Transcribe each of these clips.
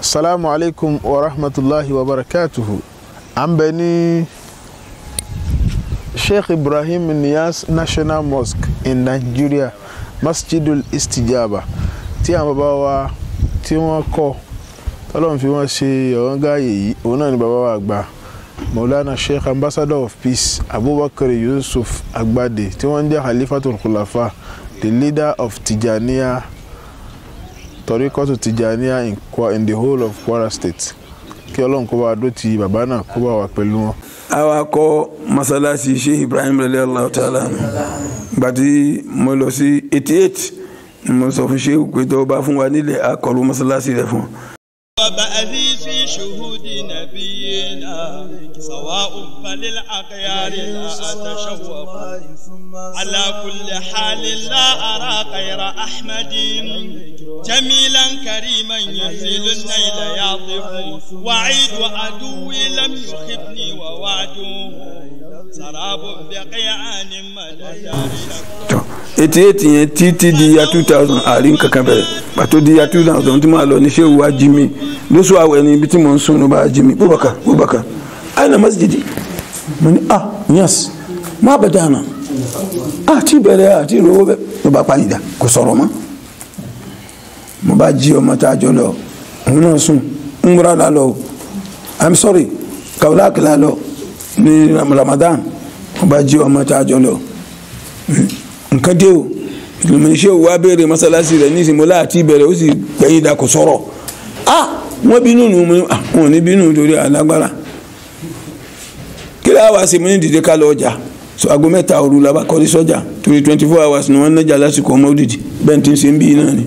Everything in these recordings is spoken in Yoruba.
salamu alaikum wa rahmatulahi wa barakatuhu à ń bẹ ní sheikh ibrahim niyas national mosque in nigeria masjidul istijaba tí àwọn bàbá wa tí wọ́n kọ́ tọ́lọ́n fi wọ́n ṣe ọ̀wọ́n gáàyè yìí òun náà ni wa àgbà maulana sheikh ambassador of peace abubakar yusuf agbade tí wọ́n ń jẹ́ khalifatul khulafa the leader of tijaniya Torikotu Tijaniya in, in the whole of Kwara State kí ọlọ́run kó bá dó ti bàbá náà kó bá wà pẹ̀lú wọn. àwa kọ́ masalasi sheikh ibrahim rẹlẹ allah ta'ala gbàtí mo lọ sí eighty eight mo sọ fún sheikh pé tó bá fún wa nílẹ̀ akọ̀lù masalasi rẹ̀ fún وبأذي في شهود نبينا سواء فللأغيار لا أتشوف على كل حال لا أرى غير أحمد جميلا كريما ينزل النيل يعطف وعيد عدوي لم يخفني ووعده tọ eighty eight yẹn títí di ya two thousand àárín kankan bẹ̀rẹ̀ pàtó di ya two thousand tí mo lọ ní sẹ́wọ́ wa jí mi lóṣù àwẹ̀ ni ibi tí mo ń sùn ló bá jí mi bubaka bubaka aina masjidi mo ní ah yes má bẹ̀ dáná ah tí bẹ̀rẹ̀ ah tí ìrówó bẹ̀ ló bá pàyìdà kò sọ̀rọ̀ mọ́ mo bá jí ọmọ tá a jọ lọ òun náà sùn ń múra lálọ́ I'm sorry kàwé láàkìlá lọ ní Ramadan wọ́n bá jí ọmọ tá a jọ lọ nǹkan dé o ìlúmọ̀ṣẹ́ òwò abéèrè mọ́sálásí rẹ̀ ní ìsìnmọ́lá àti ìbẹ̀rẹ̀ ó sì gbẹ̀yìn dà kò sọ̀rọ̀ ah wọ́n bínú nù mú àwọn ò ní bínú torí alágbára kí láwa wá mú ní dìde ká lọ ọjà so aago mẹ́ta òru la bá kọrí sọ́jà torí twenty four hours ni wọ́n nájà lásìkò ọmọ òdìdí bẹ́ẹ̀ tí ń ṣe ń bí náà ni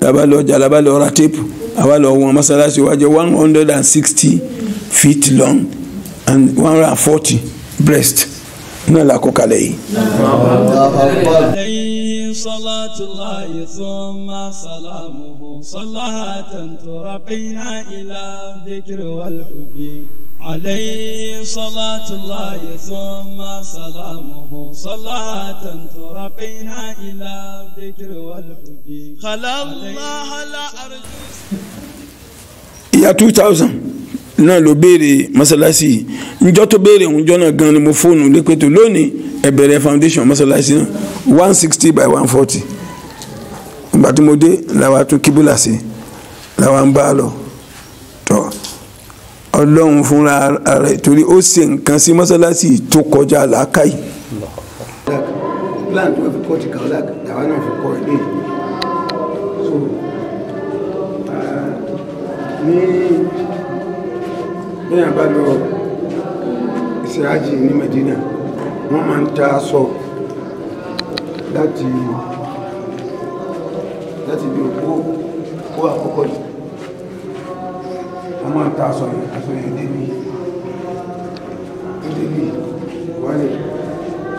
làbá lọ ọjà làbá lọ ra téèpù àwa lọ wọn mọ́sálásí wájẹ one hundred and sixty feet long and one hundred and forty breast náà la kó kalẹ̀ yìí. صلاة الله ثم سلامه صلاة ترقينا إلى الذكر والحب عليه صلاة الله ثم سلامه صلاة ترقينا إلى الذكر والحب خلا الله لا أرجو يا 2000 náà ló béèrè mọ́sálásí njọ́ tó béèrè njọ́ náà gan ni mo fóònù lépètò lónìí ẹ foundation mọ́sálásí náà one sixty by one forty ìgbà tí mo dé làwa tún kíbúlà sí làwa ń bá a lọ tọ́ ọlọ́run fúnra rẹ̀ torí ó ṣe nǹkan sí mọ́sálásí tó kọjá làákàyè. plan tó fi kọ́ ti kàn láwa náà fi kọ́ ilé uh, ní. bẹ́ẹ̀ bá lọ isi Medina wọ́n máa ń ta aṣọ láti láti bí owó owó àkọ́kọ́ yìí wọ́n máa ń ta aṣọ yìí aṣọ yìí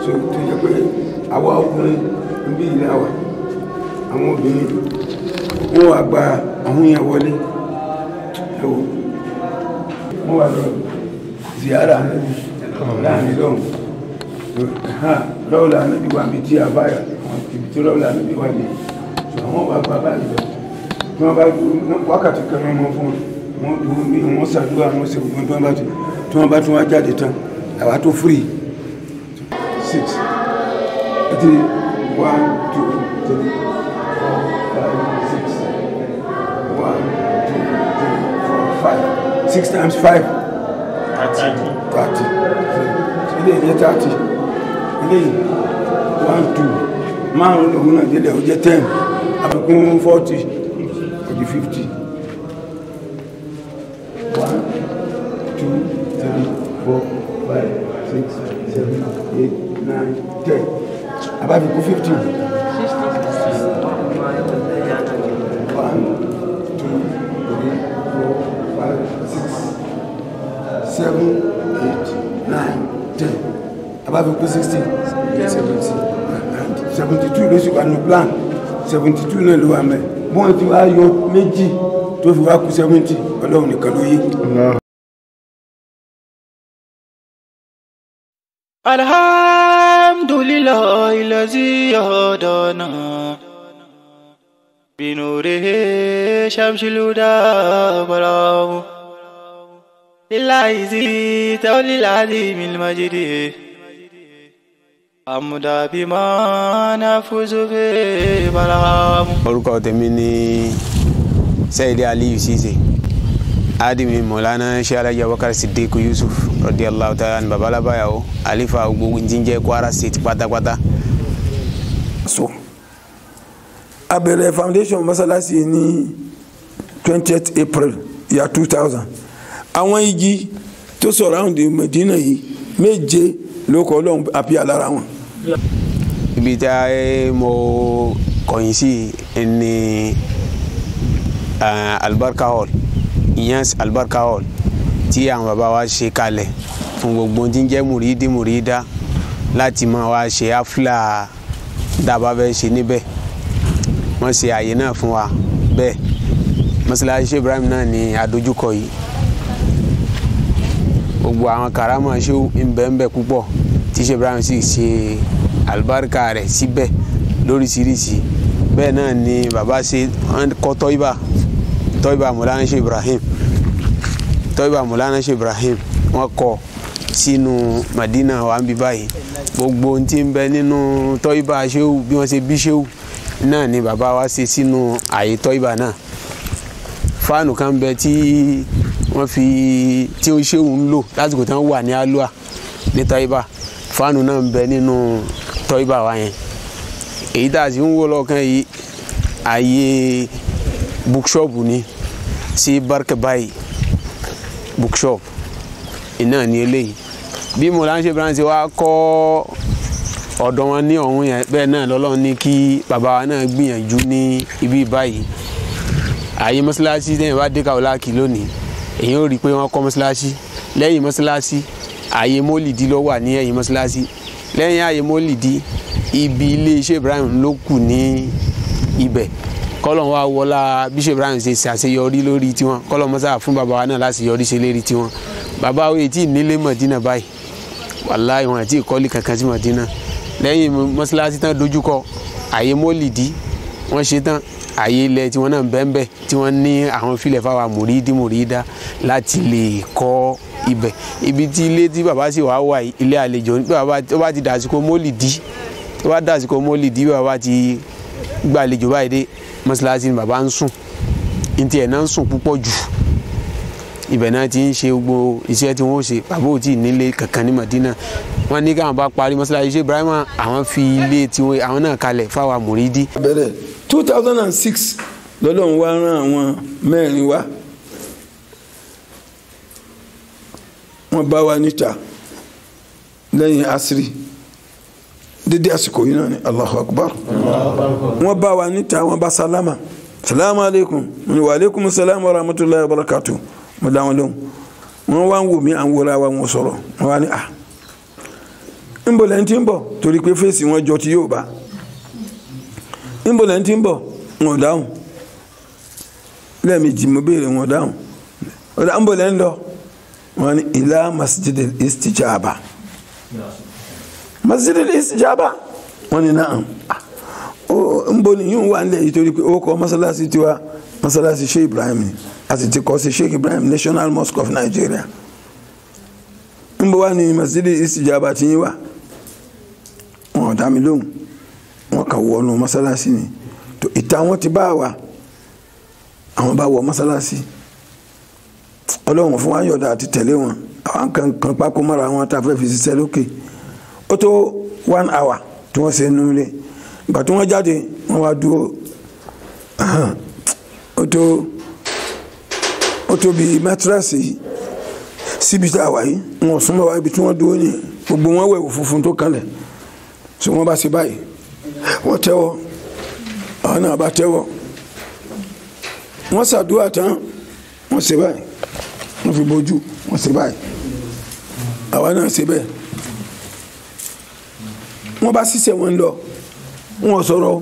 so tó yẹ pé àwa ọkùnrin ń bí ìlà àwọn fún lọ ziyara láàrin lọ́hùn lọ́wọ́lá nẹ́bí wà mí tí a bá ibi tí lọ́wọ́lá nẹ́bí wà ní àwọn bàbá báyìí lọ wọ́n bá wákàtí kan mọ́ fún wọn dúró ní wọn ṣàdúrà wọn ṣe gbogbo tí wọ́n bá ti tí wọ́n bá tún wá jáde tán àwa tó fúri six three one two three one two three four five six times five thirty thirty ilé ìjẹ thirty ilé one two márùn lòun náà délẹ̀ ó jẹ́ ten àbùkún forty forty, fifty one two three four five six seven eight nine ten àbáfikún fifty. seven eight nine ten abáfi pé sixteen seventy seventy two ló sì wà ní plan seventy two náà ló wà mẹ́ bọ́n ti wá yọ méjì tó fi wá kú seventy ọlọ́run nìkan ló yé. alhamdulilayi ilazi ọdọọna binure shamsiluda balawo. لله زيت وللعظيم المجد àmùdá bí máa ná fúzúfé balamu. orúkọ tèmi ni Sẹ́yìdì Aliyu Ceesay adimi Mọ̀lánà Sheikh Alhaji Abubakar Siddiq Yusuf radiyallahu ta'ala ni babalaba yàwó alifa gbogbo jíjẹ Kwara State pátápátá. so a bẹ̀rẹ̀ foundation masalasi ní twentieth April year two thousand àwọn igi tó surround Medina yìí méje ló kọ Ọlọ́run àbí alára wọn. ibi tí a eh, mọ kọ̀yìn sí ni eh, Albarka hall ìyẹn Albarka hall tí àwọn bàbá wa ṣe kalẹ̀ fún gbogbo tí ń jẹ́ mùrídìí mùrídá láti máa wá ṣe áfúlà dábà fẹ́ ṣe níbẹ̀ wọ́n ṣe àyè náà fún wa bẹ́ẹ̀ mọ́ṣáláṣí Ibrahim náà ni adójúkọ yìí gbogbo àwọn karama ṣe ń bẹ ń bẹ púpọ̀ tí Sheikh Ibrahim sì ṣe alibarika rẹ̀ síbẹ̀ lóríṣiríṣi bẹ́ẹ̀ náà ni bàbá ṣe kọ́ tọ́yìbà tọ́yìbà mọ̀lánà Sheikh Ibrahim tọ́yìbà mọ̀lánà Sheikh Ibrahim wọ́n kọ́ sínú Madina wa ń bí báyìí gbogbo ohun tí ń bẹ nínú tọ́yìbà ṣéwù bí wọ́n ṣe bí ṣéwù náà ni bàbá wa ṣe sínú àyè tọ́yìbà náà fáànù kan bẹ tí wọ́n fi tí ó ṣéwù ń lò lásìkò tí wọ́n wà ní alua ní tọ́yìbà fáànù náà ń bẹ nínú tọ́yìbà wa yẹn èyí tá a sì ń wò lọ́ọ̀kan yìí ààyè bookshop ni sí barkabai bookshop iná ní eléyìí bí mọ̀láńṣe branche wa kọ́ ọ̀dọ̀ wọn ní ọ̀hún yẹn bẹ́ẹ̀ náà lọ́lọ́run ní kí bàbá wa náà gbìyànjú ní ibi báyìí ààyè mọ́ṣáláṣí tẹ́yìn bá dé kàwé láàkì lónìí èyàn ò rí i pé wọ́n kọ́ mọ́ṣáláṣí lẹ́yìn mọ́ṣáláṣí ààyè mólìdí ló wà ní ẹ̀yìn mọ́ṣáláṣí lẹ́yìn ààyè mólìdí ibi ilé iṣẹ́ Ibrahim ló kù ní ibẹ̀ kọ́lọ̀ wa wọlá bíṣẹ́ Ibrahim ṣe ṣàṣeyọrí lórí tiwọn kọ́lọ̀ mọ́ṣá fún bàbá wa náà láṣeyọrí ṣe lérí tiwọn bàbá wo ètí nílé Mọ̀dínà báyìí wàláì wọn àti ìkọ́lé kankan sí Mọ̀dínà lẹ́yìn mọ́ṣáláṣí tán dojúkọ ààyè mólìdí wọ́n ṣe tán àyè ilẹ̀ tí wọ́n náà ń bẹ́ẹ̀ bẹ́ẹ̀ tí wọ́n ní àwọn filẹ̀ fáwọn mùrídìí mùrídà láti lè kọ́ ibẹ̀ ibi tí ilé tí bàbá sì wá wà ilé àlejò ní bàbá tó bá ti dàsìkò mólìdí tó bá dàsìkò mólìdí bàbá ti gbàlejò báyìí dé mọ́ṣáláṣí ni bàbá ń sùn ní tiẹ̀ náà ń sùn púpọ̀ jù ibẹ̀ náà ti ń ṣe gbogbo iṣẹ́ tí wọ́n ṣe bàbá ò tí ì nílé kankan ní Madina wọ́n ní káwọn bá parí mọ́sálásí ṣe Ibrahima àwọn fi ilé tiwọn àwọn náà kalẹ̀ fáwọn mùrídì. bẹ̀rẹ̀ two thousand and six lọ́lọ́run wá rán àwọn mẹ́rin wá wọ́n bá wa níta lẹ́yìn asiri dédé àsìkò yìí náà ni Allahu Akbar wọ́n bá wa níta wọ́n bá sálámà salamu aleykum wa aleykum salaam wa rahmatulahi wa barakatuh. mo lóhùn wọn wá ń wò mí à ń wa wọn sọ̀rọ̀ wọn wá ní à ń bọ̀ ń bọ̀ torí pé fèsì wọn jọ ti yóò bá ń bọ̀ ń bọ̀ wọn dáhùn lẹ́ẹ̀mejì mo béèrè wọn dáhùn ọ̀dà ń bọ̀ lọ wọn ní ilá istijaba istijaba wọn ní náà ń bọ̀ nìyí wà a sì ti kọ́ sí Sheikh Ibrahim National Mosque of Nigeria ń bọ̀ wá ní masjidi istijaba tí yín wá wọn ò dá mi lóhùn wọn kà wọnú mọ́sálásí ni tó ìta wọn ti bá wa àwọn bá wọ mọ́sálásí ọlọ́run fún wa yọ̀dà àti tẹ̀lé wọn àwọn kan kan pákó mọ́ra wọn tá a fẹ́ fi ṣiṣẹ́ lókè ó tó one hour tí wọ́n ṣe nínú ilé ìgbà tí wọ́n jáde wọ́n wá dúró ó tó ó tóbi mátíráàsì síbi tá a wà yìí wọn súnmọ́ wa ibi tí wọ́n dúró ní gbogbo wọn wẹ̀wò funfun tó kanlẹ̀ tí wọ́n bá ṣe báyìí wọ́n tẹ́wọ́ àwọn náà bá tẹ́wọ́ wọ́n ṣàdúrà tán wọ́n ṣe báyìí wọ́n fi bójú wọ́n ṣe báyìí àwa náà ṣe bẹ́ẹ̀ wọ́n bá ṣiṣẹ́ wọn lọ wọ́n sọ̀rọ̀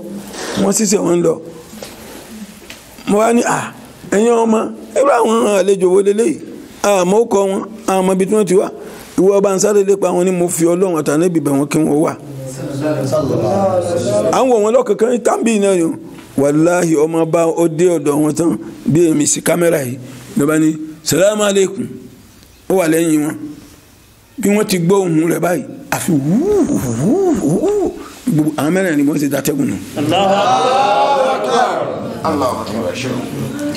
wọ́n ṣiṣẹ́ wọn lọ mo wá ní à ẹ̀yin ọmọ irú àwọn àlejò wo leléyìí àmọ́ ó kọ wọn àmọ́ ibi tí wọ́n ti wá ìwọ ọba ń sáré lépa wọn ni mo fi ọlọ́run àtàlẹ́bí bẹ̀ wọ́n kí wọ́n wà. àwọn òun lọ́kọ̀ọ̀kan tábìlì náà yòó wàláhì ọmọ bá ó dé ọ̀dọ̀ wọn tán bí èmi sí kámẹ́rà yìí lọ́ba ní salamu aleykum ó wà lẹ́yìn wọn bí wọ́n ti gbọ́ ohùn rẹ̀ báyìí àfi wúúwúúwú gbogbo àwọn mẹ́rin ni wọ́n ti dàtẹ́gùn nù. Allahu Akbar. Allahu Akbar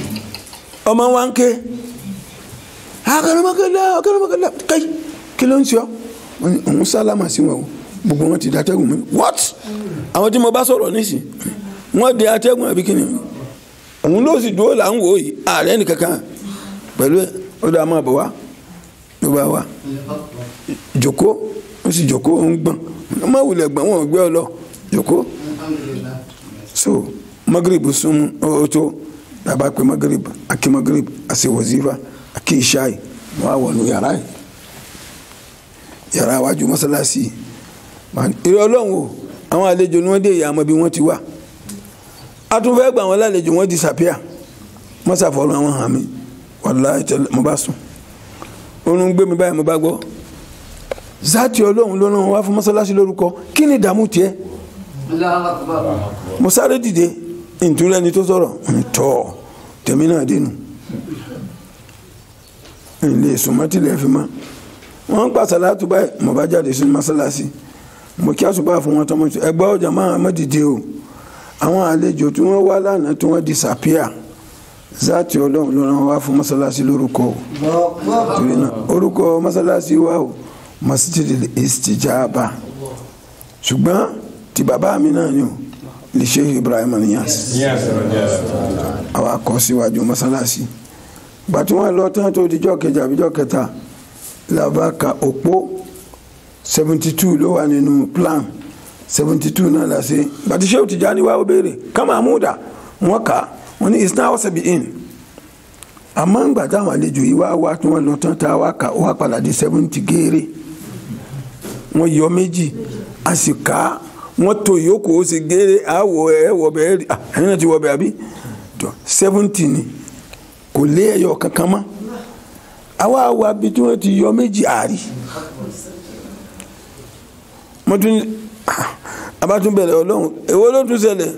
ọmọ wa ń ké akọlọmọkẹlẹ akọlọmọkẹlẹ kẹyì kí ló ń sọ òun sálámà sí wọn o gbogbo wọn ti da atẹ́gùn mi what àwọn tí mo bá sọ̀rọ̀ nísì wọ́n di atẹ́gùn àbí kíni òun ló sì dúró là ń wò yìí ààrẹ nìkankan pẹ̀lú ẹ̀ ó dáa máa bọ̀ wá ló bá wá jòkó ó sì jòkó ó ń gbọ̀n ó má wulẹ̀ gbọ̀n wọn ò gbé ọ lọ jòkó so magrib sún ó tó bàbá pé magrib akí magrib àṣẹ wàzífà akí ìṣáì wọn á wọnú yàrá yìí yàrá iwájú mọ́sálásí ìrẹ ọlọ́run o àwọn àlejò ni wọ́n dé ìyá àmọ́ bí wọ́n ti wà a tún fẹ́ gbà wọ́n lálejò wọ́n disappear mọ́sàfọ́lọ́ àwọn hàn mí wàláhí ìtẹ́lẹ̀ mo bá sùn oorun gbé mi báyìí mo bá gbọ́ zati ọlọ́run ló rán wọn wá fún mọ́sálásí lórúkọ kí ni ìdààmú tiẹ̀ mo sáré dìde ntúrẹ́ ni tó sọ̀rọ̀ ntọ́ tẹ̀mí náà dénú ilé sùnmọ́tìlẹ̀ fi mọ́ wọ́n ń pa sàlátù báyìí mo bá jáde sínú mọ́sálásí mo kí àsùbá fún wọn tọmọ ẹgbẹ́ ọjà máa má dìde o àwọn àlejò tí wọ́n wá lánàá tí wọ́n disappear zati ọlọ́run ló ràn wá fún mọ́sálásí lórúkọ orúkọ mọ́sálásí wa o masjidil istijaba ṣùgbọ́n ti bàbá mi náà ni o lè ṣe Ibrahim Niyas àwa kọ síwájú mọ́sálásí gbàtí wọ́n lọ tán tó dijọ́ kejì àbíjọ́ ka òpó seventy two lo wà nínú plan seventy two na la ṣe gbàtí Shehu Tijani wá ó béèrè kama amúdà wọ́n kà wọ́n ní isna ọ̀sẹ̀ bíi in àmọ́ ńgbà táwọn àlejò yìí wá wá tí wọ́n lọ tán tá a wá kà di seventy géèrè wọ́n yọ méjì a sì kà wọ́n tó yòókù ó sì gé àwọ̀ ẹ̀ wọ̀bẹ̀ ẹ̀ rí ah, ẹ̀yin náà ti wọ̀bẹ̀ àbí seventy ni kò lé ẹyọ kankan mọ́ àwa àwa bí tí wọ́n ti yọ méjì àárí mo tún abátúnbẹ̀rẹ̀ ah, ọlọ́run èwo ló tún ṣẹlẹ̀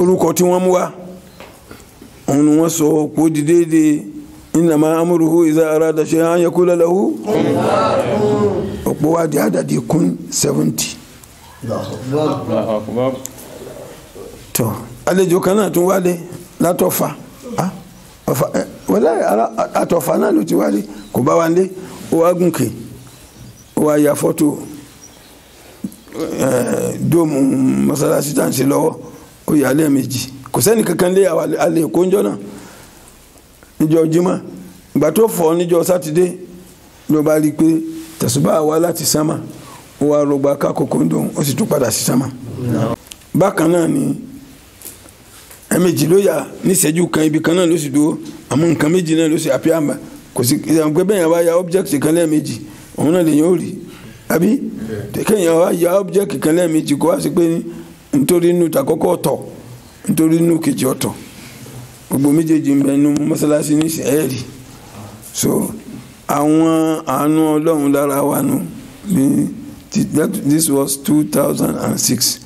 orúkọ tí wọ́n mú wa òun ni wọ́n sọ kó di déédéé. إنما أمره إذا أراد شيئا يقول له ọ̀pọ̀ wádìí àdàdì kún seventy. tó àlejò kan náà tún wálé látọ̀fà wọlé àtọ̀fà náà ló ti wálé kò bá wálé ó wá gùnkè ó wá ya fọ́tò dóòmù mọ́sálásí tàǹsí lọ́wọ́ ó yà á lẹ́ẹ̀mejì kò sẹ́ni kankan lé àlè kóńjọ́ náà. níjọ́ jímọ̀ ìgbà tó fọ̀ níjọ́ sátidé ló bá rí i pé tẹ̀sùbá wá láti sánmà ó wá rọgbà ká kòkòndó ó sì tún padà ni ló yà níṣẹ́jú kan ibi kan náà ló sì dúró àmọ́ nǹkan méjì náà ló sì àpẹ́ àmà kò sí bẹ́ẹ̀ yẹn ya object kan lẹ́ẹ̀mejì òun náà lèyìn ó rí àbí kéèyàn wá ya object kan lẹ́ẹ̀mejì kó wá sí pé nítorí inú gbogbo méjèèjì ń bẹ nínú mọ́sálásí ní sẹ́ẹ̀rì so àwọn àánú ọlọ́run lára wa nù ní this was two thousand and six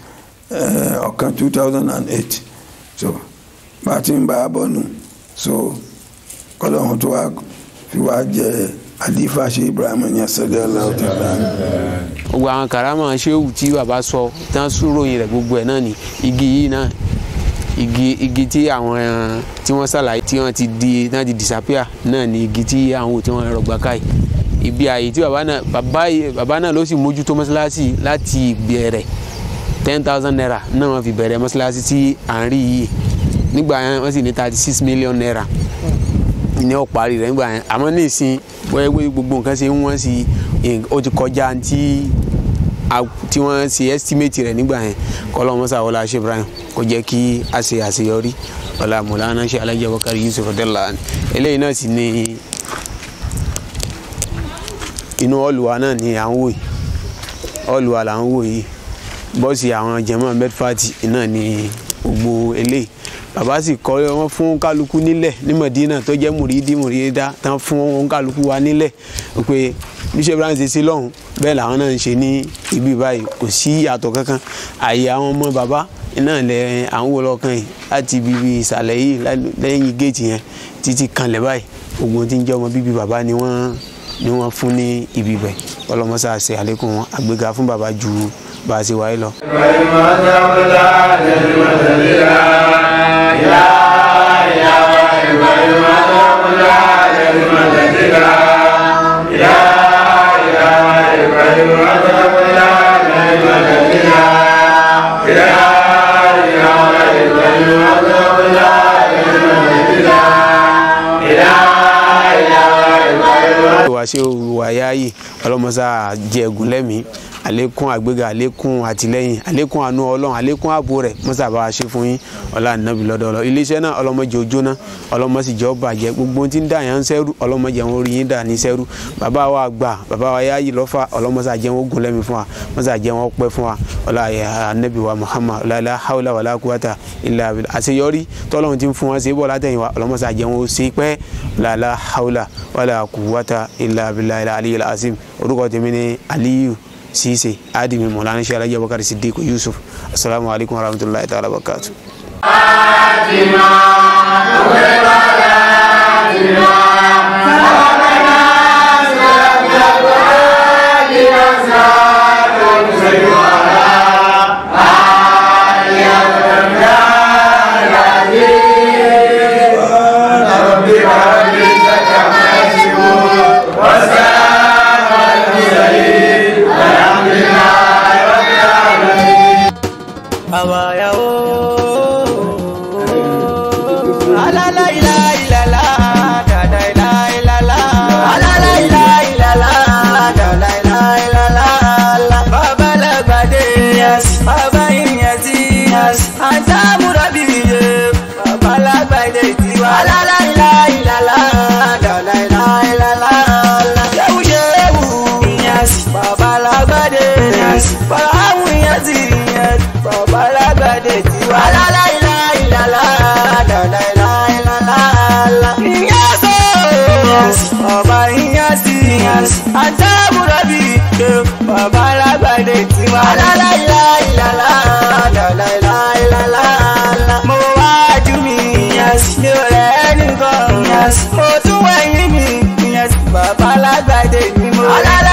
eh, ọ̀kan two thousand and eight so bá a ti ń bá a bọ̀ nù so kọ́lọ́run tó wá fi wá jẹ àlífà ṣe Ibrahim ní asọ́lẹ̀ ọlọ́ọ̀tà láàánú. gbogbo àwọn karama ṣéwù tí bàbá sọ tán sùúrù yìí rẹ gbogbo ẹ náà ni igi yìí náà igi igi tí àwọn tí wọ́n ṣàlàyé tí wọ́n ti di náà ti disappear náà ni igi tí àwọn tí wọ́n rọgbà káyì ibi àyè tí bàbá náà bàbá bàbá náà ló sì mójútó mọ́ṣáláṣí láti bẹ̀rẹ̀ ten thousand naira náà wọ́n fi bẹ̀rẹ̀ mọ́ṣáláṣí tí à ń yìí nígbà yẹn wọ́n sì ní thirty six million naira ní ó parí rẹ̀ nígbà yẹn àmọ́ ní ìsìn wẹ́wẹ́ gbogbo nǹkan ṣe ń wọ́n sí ó ti kọjá ní ti tí wọ́n ṣe estimate rẹ̀ nígbà yẹn kọ́lọ́ mọ́sá wọlé aṣẹ Ibrahim kò jẹ́ kí a ṣe àṣeyọrí ọ̀la mọ̀lánà ṣe alájà Bakari Yusuf ọ̀dẹ́là eléyìí náà sì ni inú ọ̀lùwà náà ni à ń wò yìí ọ̀lùwà là ń wò yìí bọ́ọ̀sì àwọn jẹ̀mọ́ medfati náà ni gbogbo eléyìí bàbá sì kọ́ wọn fún kálukú nílẹ̀ ní Mọ̀dínà tó jẹ́ mùrídí mùrídá tán fún kálukú wa nílẹ̀ pé bíṣẹ́ brown ṣe ṣe lọ́hùn bẹ́ẹ̀ làwọn náà ń ṣe ní ibi báyìí kò sí ìyàtọ̀ kankan àyè àwọn ọmọ bàbá náà lẹ à ń wò lọ́kàn yìí láti ibi ìsàlẹ̀ yìí lẹ́yìn géètì yẹn títí kanlẹ̀ báyìí ogun tí ń jẹ́ ọmọ bíbí bàbá ni wọ́n ni wọ́n fún ní ibi bẹ̀ ọlọ́mọṣà ṣe àlékún wọn àgbéga fún bàbá ju bá a ṣe wáyé lọ. Yeah. ṣe òwò àyáyè ọlọ́mọṣá jẹ ẹ̀gùn lẹ́mìí àlékún àgbéga àlékún àtìlẹ́yìn àlékún àánú Ọlọ́run àlékún ààbò rẹ̀ mọsà bá wa ṣe fún yín ọlá nàbí lọ́dọ̀ ọlọ iléeṣẹ́ náà ọlọmọjẹ ojóná ọlọmọsìjẹ ọbàjẹ gbogbo tí ń dà yàn ń sẹrú ọlọmọjẹ wọn orí dà ní sẹrú bàbá wa àgbà bàbá wa yáyì lọfà ọlọmọsàjẹ wọn ogun lẹmi fún wa mọsàjẹ wọn pẹ́ fún wa ọlá anabi wa Muhammad ọlá haula wàlá kúwàtà ilà àṣeyọrí tọlọ́run ti ń fún wọn ṣe bọ látẹ̀yìn wa ọlọmọsàjẹ wọn ò ṣe pẹ ọlá haula wàlá ilà abilà ilà orúkọ tèmi ni aliyu sise adimi maulana shala alhaji kari sidiku yusuf assalamu alaikum warahmatullahi ta'ala wabarakatuh. ajabu rabi bàbá alágbàdé ti wá. alálàyà ìlàlá ìlàlá ìlàlá ìlàlá. mo wájú mi mi ò rẹ̀ nìkan mo tún wẹ̀yìn mi bàbá alágbàdé ni mo. alálàyà.